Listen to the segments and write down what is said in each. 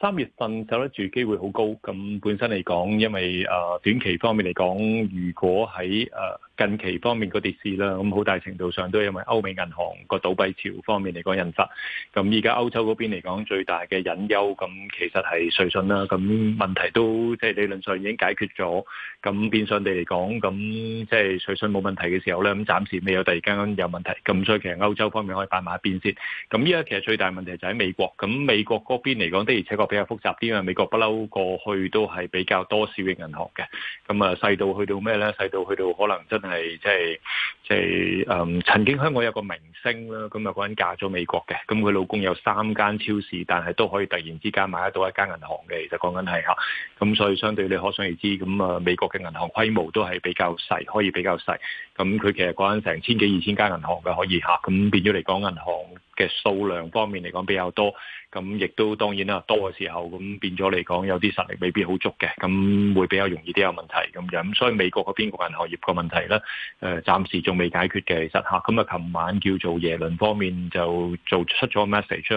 三、uh, 月份守得住機會好高，咁本身嚟講，因為誒、uh, 短期方面嚟講，如果喺誒。Uh 近期方面個跌市啦，咁好大程度上都係因為歐美銀行個倒閉潮方面嚟講引發。咁而家歐洲嗰邊嚟講最大嘅隱憂，咁其實係瑞信啦。咁問題都即係、就是、理論上已經解決咗，咁變相地嚟講，咁即係瑞信冇問題嘅時候咧，咁暫時未有第二間有問題。咁所以其實歐洲方面可以擺埋一邊先。咁依家其實最大問題就喺美國。咁美國嗰邊嚟講的而且確比較複雜啲，因為啊。美國不嬲過去都係比較多小型銀行嘅。咁啊，細到去到咩咧？細到去到可能真。係即係即係，嗯，曾經香港有個明星啦，咁嗰陣有個人嫁咗美國嘅，咁佢老公有三間超市，但係都可以突然之間買得到一間銀行嘅，其實講緊係吓，咁所以相對你可想而知，咁啊，美國嘅銀行規模都係比較細，可以比較細。咁佢其實講緊成千幾二千間銀行嘅可以吓，咁變咗嚟講銀行嘅數量方面嚟講比較多，咁亦都當然啦，多嘅時候咁變咗嚟講有啲實力未必好足嘅，咁會比較容易啲有問題，咁樣，咁所以美國嗰邊個銀行業個問題咧，誒、呃、暫時仲未解決嘅，其實吓，咁啊，琴晚叫做耶倫方面就做出咗 message，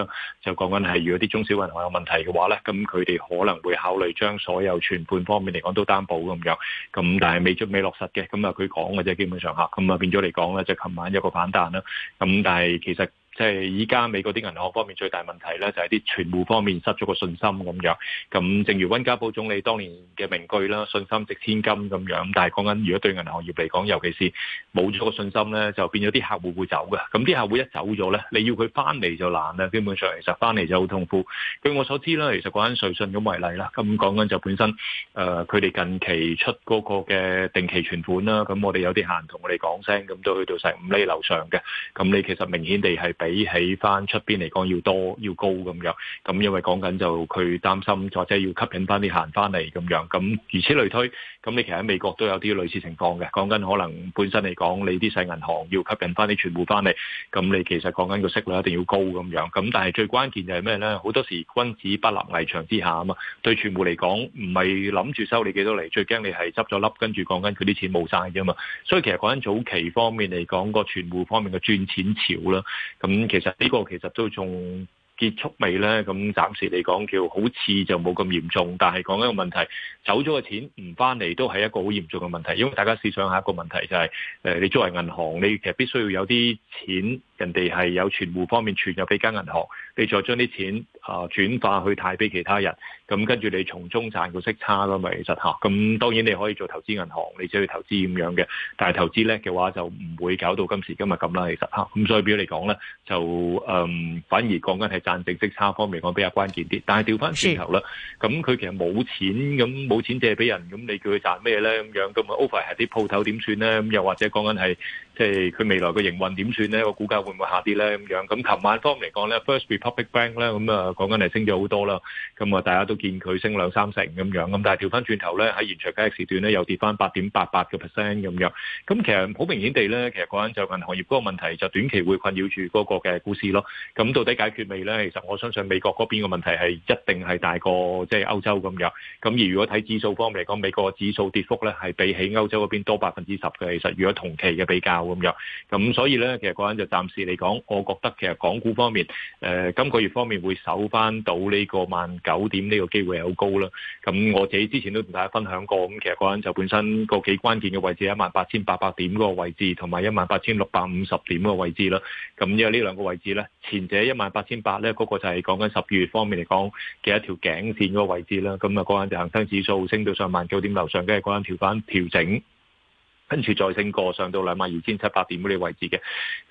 就講緊係如果啲中小銀行有問題嘅話咧，咁佢哋可能會考慮將所有存款方面嚟講都擔保咁樣，咁但係未足未落實嘅，咁啊佢講嘅啫，基本上。嚇，咁啊變咗嚟講咧，就琴晚有個反彈啦。咁但係其實。即係依家美國啲銀行方面最大問題咧，就係啲存戶方面失咗個信心咁樣。咁正如溫家寶總理當年嘅名句啦，信心值千金咁樣。但係講緊如果對銀行業嚟講，尤其是冇咗個信心咧，就變咗啲客戶會走嘅。咁啲客戶一走咗咧，你要佢翻嚟就難啦。基本上，其實翻嚟就好痛苦。據我所知啦，其實講緊瑞信咁為例啦。咁講緊就本身誒，佢、呃、哋近期出嗰個嘅定期存款啦。咁我哋有啲客人同我哋講聲，咁都去到成五厘樓上嘅。咁你其實明顯地係。比起翻出邊嚟講要多要高咁樣，咁因為講緊就佢擔心或者要吸引翻啲行返翻嚟咁樣，咁如此類推，咁你其實喺美國都有啲類似情況嘅，講緊可能本身嚟講你啲細銀行要吸引翻啲存戶翻嚟，咁你其實講緊個息率一定要高咁樣，咁但係最關鍵就係咩呢？好多時君子不立危牆之下啊嘛，對存戶嚟講唔係諗住收你幾多嚟，最驚你係執咗笠。跟住講緊佢啲錢冇晒啫嘛，所以其實講緊早期方面嚟講個存戶方面嘅轉錢潮啦，咁、嗯、其實呢個其實都仲結束未呢？咁暫時嚟講叫好似就冇咁嚴重，但係講一個問題，走咗嘅錢唔翻嚟都係一個好嚴重嘅問題，因為大家試想下一個問題就係、是，誒你作為銀行，你其實必須要有啲錢。人哋係有存戶方面存入俾間銀行，你再將啲錢啊轉化去貸俾其他人，咁跟住你從中賺個息差咯嘛，其實嚇。咁當然你可以做投資銀行，你需要投資咁樣嘅，但係投資咧嘅話就唔會搞到今時今日咁啦，其實嚇。咁所以，比如嚟講咧，就嗯反而講緊係賺淨息差方面講比較關鍵啲。但係調翻轉頭啦，咁佢其實冇錢，咁冇錢借俾人，咁你叫佢賺咩咧咁樣？咁啊，over 係啲鋪頭點算咧？咁又或者講緊係。即係佢未來嘅營運點算呢？個股價會唔會下跌呢？咁樣？咁琴晚方面嚟講呢 First Republic Bank 咧，咁啊講緊係升咗好多啦。咁啊，大家都見佢升兩三成咁樣。咁但係調翻轉頭呢，喺延長交易時段呢，又跌翻八點八八個 percent 咁樣。咁其實好明顯地呢，其實講緊就銀行業嗰個問題，就短期會困擾住嗰個嘅股市咯。咁到底解決未呢？其實我相信美國嗰邊嘅問題係一定係大過即係歐洲咁樣。咁而如果睇指數方面嚟講，美國指數跌幅呢，係比起歐洲嗰邊多百分之十嘅。其實如果同期嘅比較。咁樣，咁所以呢，其實嗰陣就暫時嚟講，我覺得其實港股方面，誒、呃，今個月方面會守翻到呢個萬九點呢個機會係好高啦。咁我自己之前都同大家分享過，咁其實嗰陣就本身個幾關鍵嘅位、位置，一萬八千八百點嗰個位置，同埋一萬八千六百五十點個位置啦。咁因為呢兩個位置呢，前者一萬八千八呢，嗰、那個就係講緊十二月方面嚟講嘅一條頸線嗰個位置啦。咁啊，嗰陣就恒生指數升到上萬九點樓上，跟住嗰陣調翻調整。跟住再升過，上到兩萬二千七百點嗰啲位置嘅，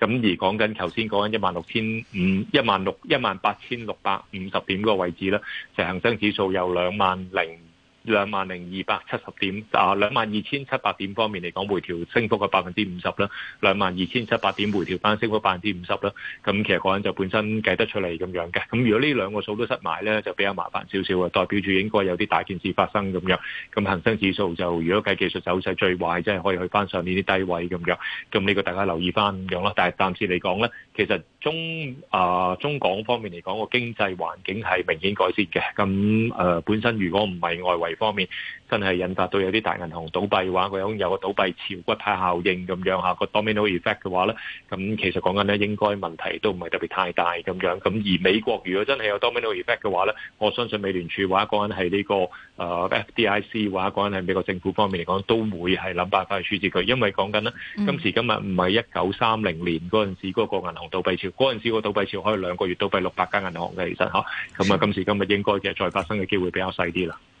咁而講緊頭先講緊一萬六千五、一萬六、一萬八千六百五十點嗰個位置咧，就恒生指數有兩萬零。兩萬零二百七十點啊，兩萬二千七百點方面嚟講，回調升幅個百分之五十啦。兩萬二千七百點回調翻升幅百分之五十啦。咁其實嗰陣就本身計得出嚟咁樣嘅。咁如果呢兩個數都失埋咧，就比較麻煩少少，代表住應該有啲大件事發生咁樣。咁恒生指數就如果計技術走勢，最壞真係可以去翻上年啲低位咁樣。咁呢個大家留意翻咁樣啦。但係暫時嚟講咧，其實中啊、呃、中港方面嚟講個經濟環境係明顯改善嘅。咁誒、呃、本身如果唔係外圍，方面真係引發到有啲大銀行倒閉嘅話，佢種有個倒閉潮骨牌效應咁樣嚇，嗰個 Domino effect 嘅話咧，咁其實講緊咧應該問題都唔係特別太大咁樣。咁而美國如果真係有 Domino effect 嘅話咧，我相信美聯儲話講緊係呢個誒 FDIC 話講緊係美國政府方面嚟講，都會係諗辦法去處置佢，因為講緊呢，今時今日唔係一九三零年嗰陣時嗰個銀行倒閉潮，嗰陣時嗰個倒閉潮可以兩個月倒閉六百間銀行嘅，其實吓，咁啊，今時今日應該嘅再發生嘅機會比較細啲啦。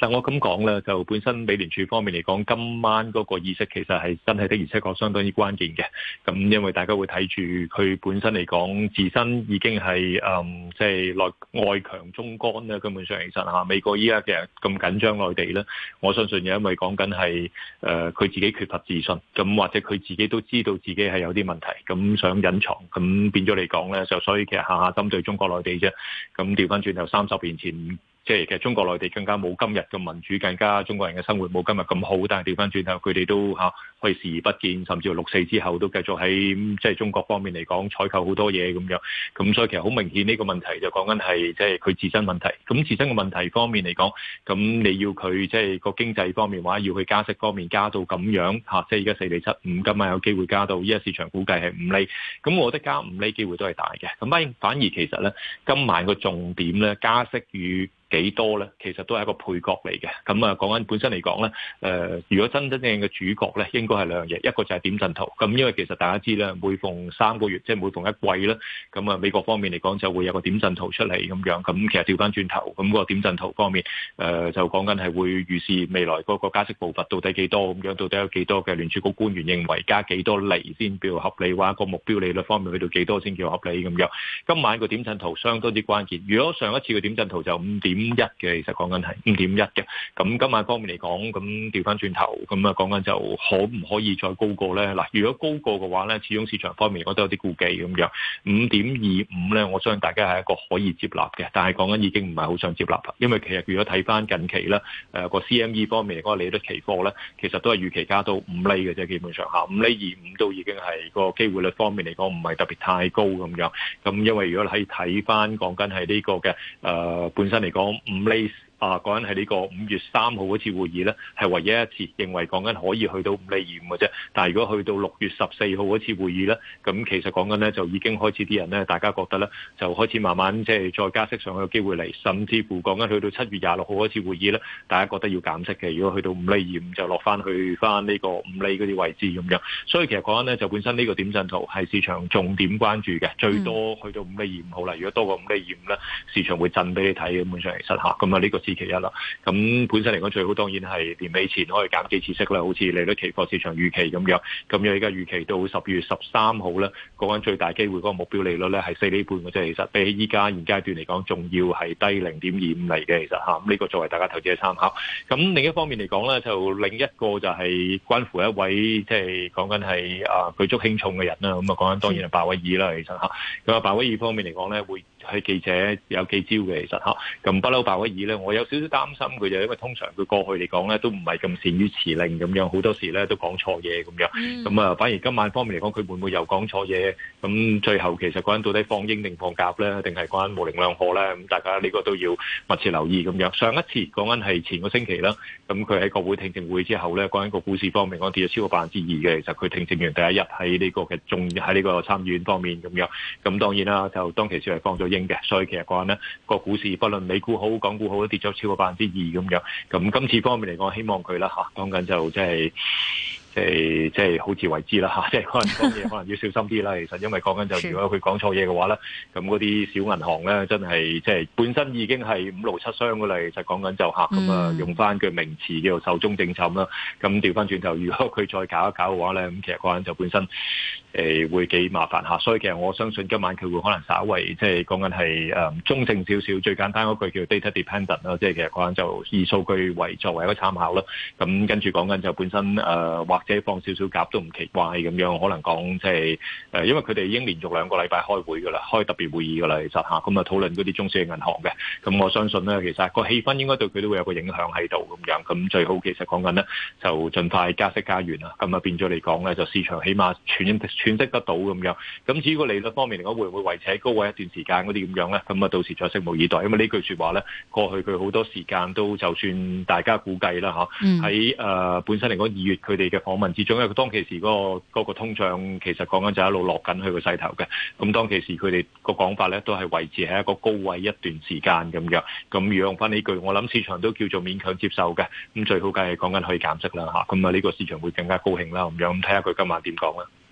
嗱，我咁講咧，就本身美聯儲方面嚟講，今晚嗰個議息其實係真係的而且確相當之關鍵嘅。咁因為大家會睇住佢本身嚟講，自身已經係誒，即係內外強中乾咧。根本上其實嚇美國依家嘅咁緊張內地咧，我相信又因為講緊係誒佢自己缺乏自信，咁或者佢自己都知道自己係有啲問題，咁想隱藏，咁變咗嚟講咧，就所以其實下下針對中國內地啫。咁調翻轉頭三十年前。即係其實中國內地更加冇今日嘅民主，更加中國人嘅生活冇今日咁好。但係掉返轉頭，佢哋都嚇可以視而不見，甚至乎六四之後都繼續喺即係中國方面嚟講採購好多嘢咁樣。咁所以其實好明顯呢個問題就講緊係即係佢自身問題。咁自身嘅問題方面嚟講，咁你要佢即係個經濟方面話，要去加息方面加到咁樣嚇，即係而家四釐七五，今晚有機會加到依家市場估計係五釐。咁我覺得加五釐機會都係大嘅。咁反反而其實咧，今晚個重點咧，加息與幾多咧？其實都係一個配角嚟嘅。咁啊，講緊本身嚟講咧，誒，如果真真正正嘅主角咧，應該係兩樣嘢，一個就係點陣圖。咁因為其實大家知啦，每逢三個月，即係每逢一季啦，咁啊，美國方面嚟講就會有個點陣圖出嚟咁樣。咁其實調翻轉頭，咁個點陣圖方面，誒，就講緊係會預示未來嗰個加息步伐到底幾多咁樣，到底有幾多嘅聯儲局官員認為加幾多厘先，比較合理話個目標利率方面去到幾多先叫合理咁樣。今晚個點陣圖相當之關鍵。如果上一次嘅點陣圖就五點五一嘅，其實講緊係五點一嘅。咁今晚方面嚟講，咁調翻轉頭，咁啊講緊就可唔可以再高過咧？嗱，如果高過嘅話咧，始終市場方面我都有啲顧忌咁樣。五點二五咧，我相信大家係一個可以接納嘅，但係講緊已經唔係好想接納啦，因為其實如果睇翻近期咧，誒個 CME 方面嚟講，利率期貨咧，其實都係預期加到五厘嘅啫，基本上嚇五厘二五都已經係個機會率方面嚟講，唔係特別太高咁樣。咁因為如果可以睇翻講緊係呢個嘅誒、呃、本身嚟講。我唔理。啊，講緊係呢個五月三號嗰次會議咧，係唯一一次認為講緊可以去到五厘二五嘅啫。但係如果去到六月十四號嗰次會議咧，咁其實講緊咧就已經開始啲人咧，大家覺得咧就開始慢慢即係再加息上去嘅機會嚟。甚至乎講緊去到七月廿六號嗰次會議咧，大家覺得要減息嘅。如果去到五厘二五就落翻去翻呢個五厘嗰啲位置咁樣。所以其實講緊咧就本身呢個點陣圖係市場重點關注嘅，最多去到五厘二五好啦。如果多過五厘二五咧，市場會震俾你睇基本上嚟失下。咁啊呢個期一啦，咁本身嚟講最好當然係年尾前可以減幾次息啦，好似利率期貨市場預期咁樣，咁又而家預期到十月十三號咧，講緊最大機會嗰個目標利率咧係四釐半嘅啫。其實比起依家現階段嚟講，仲要係低零點二五嚟嘅，其實嚇，呢個作為大家投資嘅參考。咁另一方面嚟講咧，就另一個就係關乎一位即係講緊係啊舉足輕重嘅人啦，咁啊講緊當然係鮑威爾啦，其實嚇。咁啊鮑威爾方面嚟講咧會係記者有幾招嘅，其實嚇咁不嬲。鮑威爾咧，我有少少擔心佢就係因為通常佢過去嚟講咧都唔係咁善於辭令咁樣，好多時咧都講錯嘢咁樣。咁啊，反而今晚方面嚟講，佢會唔會又講錯嘢？咁最後其實嗰陣到底放英定放甲咧，定係講緊模稜兩可咧？咁大家呢個都要密切留意咁樣。上一次講緊係前個星期啦，咁佢喺國會聽證會之後咧，講緊個股市方面，講跌咗超過百分之二嘅。其實佢聽證完第一日喺呢個嘅，仲喺呢個參議院方面咁樣。咁當然啦，就當期先係放咗。所以其實講呢個股市，不論美股好、港股好，都跌咗超過百分之二咁樣。咁今次方面嚟講，希望佢啦嚇，講緊就即係。誒、就是，即、就、係、是、好似為之好自為之啦即係可能講嘢可能要小心啲啦。 其實因為講緊就，如果佢講錯嘢嘅話咧，咁嗰啲小銀行咧，真係即係本身已經係五勞七傷嘅啦。就講、是、緊就嚇，咁、嗯、啊用翻句名詞叫做壽終正寢啦。咁調翻轉頭，如果佢再搞一搞嘅話咧，咁其實可能就本身誒、呃、會幾麻煩嚇。所以其實我相信今晚佢會可能稍微即係講緊係中性少少。最簡單嗰句叫做 data dependent 啦，即係其實可能就以數據為作為一個參考啦。咁跟住講緊就本身、呃即係放少少鴿都唔奇怪咁樣，可能講即係誒，因為佢哋已經連續兩個禮拜開會噶啦，開特別會議噶啦，其實嚇，咁啊討論嗰啲中小銀行嘅，咁我相信咧，其實個氣氛應該對佢都會有個影響喺度咁樣，咁最好其實講緊咧，就盡快加息加完啦，咁啊變咗嚟講咧，就市場起碼喘喘息得到咁樣，咁至於個利率方面，嚟講會唔會維持喺高位一段時間嗰啲咁樣咧？咁啊到時再拭目以待，因為呢句説話咧，過去佢好多時間都就算大家估計啦嚇，喺誒本身嚟講二月佢哋嘅放文字中，因為當其時嗰個、嗰個、嗰個通脹，其實講緊就一路落緊佢個勢頭嘅。咁當其時，佢哋個講法咧，都係維持喺一個高位一段時間咁樣。咁如果用翻呢句，我諗市場都叫做勉強接受嘅。咁最好梗係講緊可以減息啦，吓咁啊，呢個市場會更加高興啦，咁樣。咁睇下佢今晚點講啦。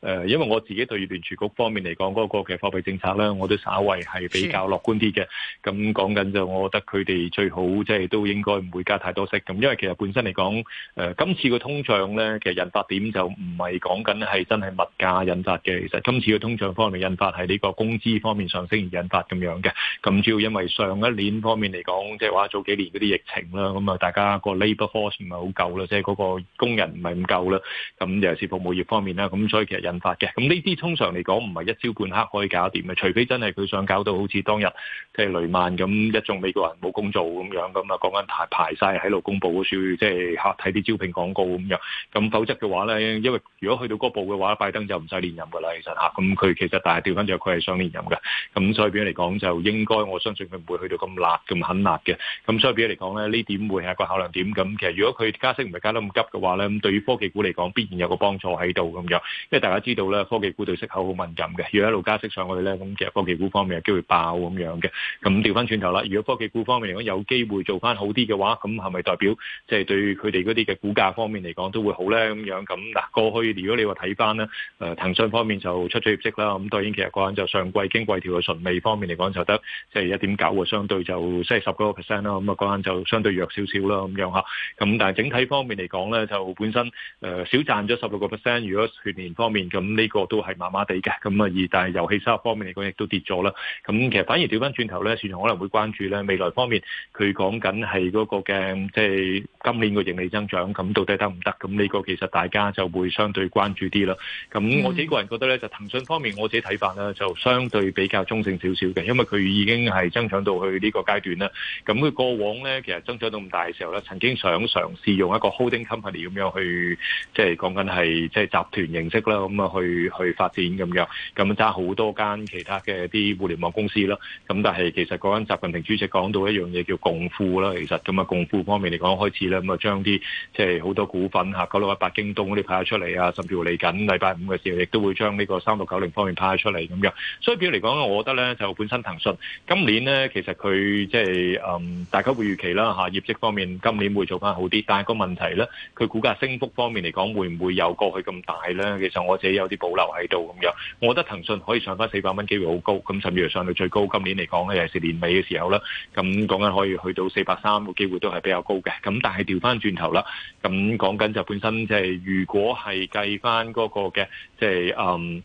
誒，因為我自己對聯儲局方面嚟講嗰個嘅貨幣政策咧，我都稍為係比較樂觀啲嘅。咁講緊就，我覺得佢哋最好即係都應該唔會加太多息。咁因為其實本身嚟講，誒、呃、今次嘅通脹咧，其實引發點就唔係講緊係真係物價引發嘅。其實今次嘅通脹方面引發係呢個工資方面上升而引發咁樣嘅。咁主要因為上一年方面嚟講，即係話早幾年嗰啲疫情啦，咁啊大家個 labour force 唔係好夠啦，即係嗰個工人唔係咁夠啦。咁尤其是服務業方面啦，咁所以其實。引發嘅，咁呢啲通常嚟講唔係一朝半刻可以搞掂嘅，除非真係佢想搞到好似當日即係雷曼咁，一眾美國人冇工做咁樣咁啊，講緊排排晒喺度公佈嗰處，即係睇啲招聘廣告咁樣，咁否則嘅話咧，因為如果去到嗰步嘅話，拜登就唔使連任噶啦，其實吓，咁佢其實大調翻轉佢係想連任嘅，咁所以畀佢嚟講就應該我相信佢唔會去到咁辣咁狠辣嘅，咁所以畀佢嚟講咧呢點會係一個考量點，咁其實如果佢加息唔係加得咁急嘅話咧，咁對於科技股嚟講必然有個幫助喺度咁樣，因為大家。知道啦，科技股對息口好敏感嘅，如果一路加息上去咧，咁其實科技股方面有機會爆咁樣嘅。咁調翻轉頭啦，如果科技股方面如果有機會做翻好啲嘅話，咁係咪代表即係對佢哋嗰啲嘅股價方面嚟講都會好咧？咁樣咁嗱，過去如果你話睇翻咧，誒騰訊方面就出咗業績啦，咁當然其實嗰陣就上季經季調嘅純利方面嚟講就得即係一點九啊，相對就即係十幾個 percent 啦。咁啊嗰陣就相對弱少少啦，咁樣吓。咁但係整體方面嚟講咧，就本身誒少賺咗十六個 percent。如果全年方面，咁呢個都係麻麻地嘅，咁啊但係遊戲收入方面嚟講，亦都跌咗啦。咁其實反而調翻轉頭咧，市場可能會關注咧未來方面，佢講緊係嗰個嘅，即係今年個盈利增長，咁到底得唔得？咁呢個其實大家就會相對關注啲咯。咁我自己個人覺得咧，就、mm. 騰訊方面，我自己睇法啦就相對比較中性少少嘅，因為佢已經係增長到去呢個階段啦。咁佢過往咧，其實增長到咁大嘅時候咧，曾經想嘗試用一個 holding company 咁樣去，即係講緊係即係集團形式啦。咁啊，去去發展咁樣，咁揸好多間其他嘅啲互聯網公司啦。咁但係其實講緊習近平主席講到一樣嘢叫共富啦。其實咁啊，共富方面嚟講開始啦，咁啊將啲即係好多股份吓，嗰六一八京東嗰啲派咗出嚟啊，甚至乎嚟緊禮拜五嘅時候，亦都會將呢個三六九零方面派咗出嚟咁樣。所以譬如嚟講，我覺得咧就本身騰訊今年咧，其實佢即係嗯，大家會預期啦吓，業績方面今年會做翻好啲。但係個問題咧，佢股價升幅方面嚟講，會唔會有過去咁大咧？其實我有啲保留喺度咁樣，我覺得騰訊可以上翻四百蚊機會好高，咁甚至上到最高。今年嚟講咧，尤其係年尾嘅時候啦，咁講緊可以去到四百三個機會都係比較高嘅。咁但係調翻轉頭啦，咁講緊就本身即係如果係計翻嗰個嘅、就是，即係嗯。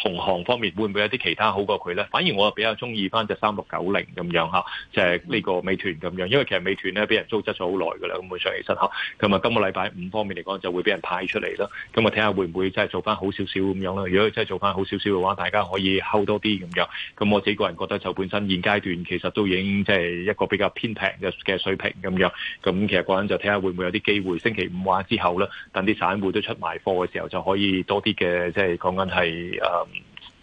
同行方面會唔會有啲其他好過佢咧？反而我比較中意翻隻三六九零咁樣嚇，就係呢個美團咁樣，因為其實美團咧俾人租質咗好耐噶啦，咁所上其實嚇，咁啊，今個禮拜五方面嚟講就會俾人派出嚟啦，咁啊睇下會唔會真係做翻好少少咁樣啦。如果真係做翻好少少嘅話，大家可以睺多啲咁樣。咁我自己個人覺得就本身現階段其實都已經即係一個比較偏平嘅嘅水平咁樣。咁其實講就睇下會唔會有啲機會星期五話之後呢，等啲散戶都出賣貨嘅時候就可以多啲嘅即係講緊係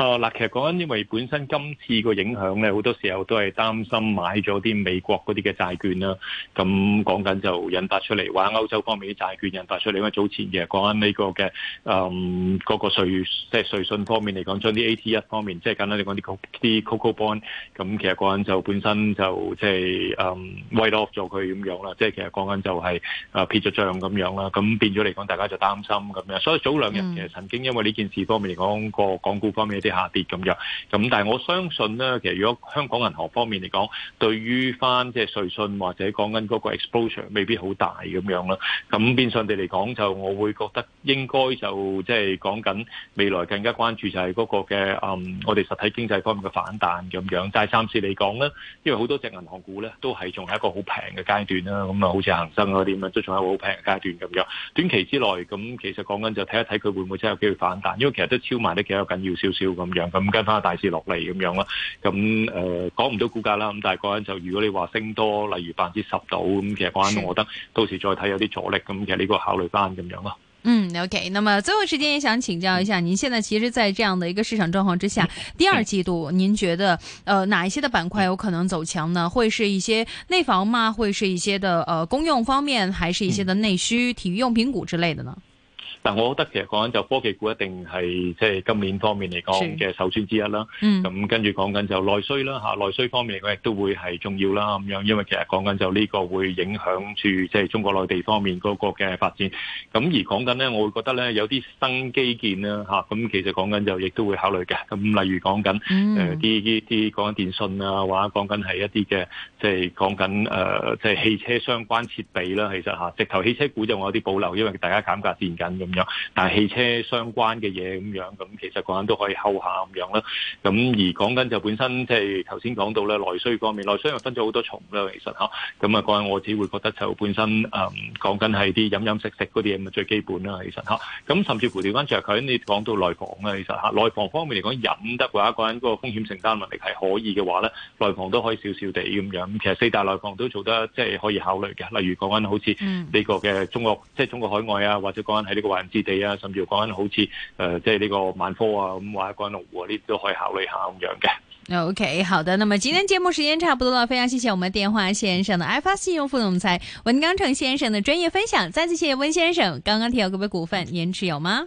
啊嗱，其實講緊因為本身今次個影響咧，好多時候都係擔心買咗啲美國嗰啲嘅債券啦。咁講緊就引發出嚟，或者歐洲方面啲債券引發出嚟，因為早前嘅講緊呢個嘅誒嗰個瑞，即係瑞信方面嚟講，將啲 AT1 方面，即係簡單嚟講啲啲 Coco bond。咁其實講緊就本身就即係誒 write off 咗佢咁樣啦。即係其實講緊就係啊撇咗帳咁樣啦。咁變咗嚟講，大家就擔心咁樣。所以早兩日其實曾經因為呢件事方面嚟講個港股方面啲下跌咁樣，咁但係我相信咧，其實如果香港銀行方面嚟講，對於翻即係瑞信或者講緊嗰個 exposure 未必好大咁樣啦。咁變相地嚟講，就我會覺得應該就即係講緊未來更加關注就係嗰個嘅，嗯，我哋實體經濟方面嘅反彈咁樣。但係暫時嚟講咧，因為好多隻銀行股咧都係仲係一個好平嘅階段啦。咁啊，好似恒生嗰啲咁啊，都仲係一個好平嘅階段咁樣。短期之內咁，其實講緊就睇一睇佢會唔會真係有機會反彈，因為其實都超賣得幾多緊要少少。咁樣咁跟翻個大市落嚟咁樣、樣、呃、講價啦，咁誒講唔到估價啦，咁但係嗰陣就如果你話升多，例如百分之十度，咁其實嗰陣我覺得到時再睇有啲阻力，咁其實呢個考慮翻咁樣咯。嗯，OK，那麼最後時間也想請教一下，嗯、您現在其實，在這樣的一個市場狀況之下、嗯，第二季度您覺得，呃，哪一些的板塊有可能走強呢？會是一些內房嗎？會是一些的，誒、呃，公用方面，還是一些的內需、體育用品股之類的呢？嗯但我覺得其實講緊就科技股一定係即係今年方面嚟講嘅首選之一啦。咁、嗯、跟住講緊就內需啦嚇，內需方面嚟講亦都會係重要啦咁樣，因為其實講緊就呢個會影響住即係中國內地方面嗰個嘅發展。咁而講緊咧，我會覺得咧有啲新基建啦嚇，咁其實講緊就亦都會考慮嘅。咁例如講緊誒啲啲啲講緊電信啊，或者講緊係一啲嘅即係講緊誒即係汽車相關設備啦。其實嚇、啊、直頭汽車股就我有啲保留，因為大家減價戰緊咁。但係汽車相關嘅嘢咁樣，咁其實講緊都可以後下咁樣啦。咁而講緊就本身，即係頭先講到咧內需方面，內需又分咗好多重啦。其實嚇，咁啊講緊我只會覺得就本身誒講緊係啲飲飲食食嗰啲嘢，咁最基本啦。其實嚇，咁甚至乎調翻轉係佢，你講到內房啦，其實嚇內房方面嚟講飲得嘅話，講緊嗰個風險承擔能力係可以嘅話咧，內房都可以少少地咁樣。其實四大內房都做得即係可以考慮嘅，例如講緊好似呢個嘅中國即係中國海外啊，或者講緊喺呢個甚至講緊好似誒，即係呢個萬科啊，咁或者講緊龍湖啊呢，都可以考慮下咁樣嘅。OK，好的，那麼今天節目時間差不多了，非常謝謝我們電話線上的 IFC 金融副總裁溫鋼城先生的專業分享，再次謝謝温先生。剛剛提到嗰筆股份，您持有嗎？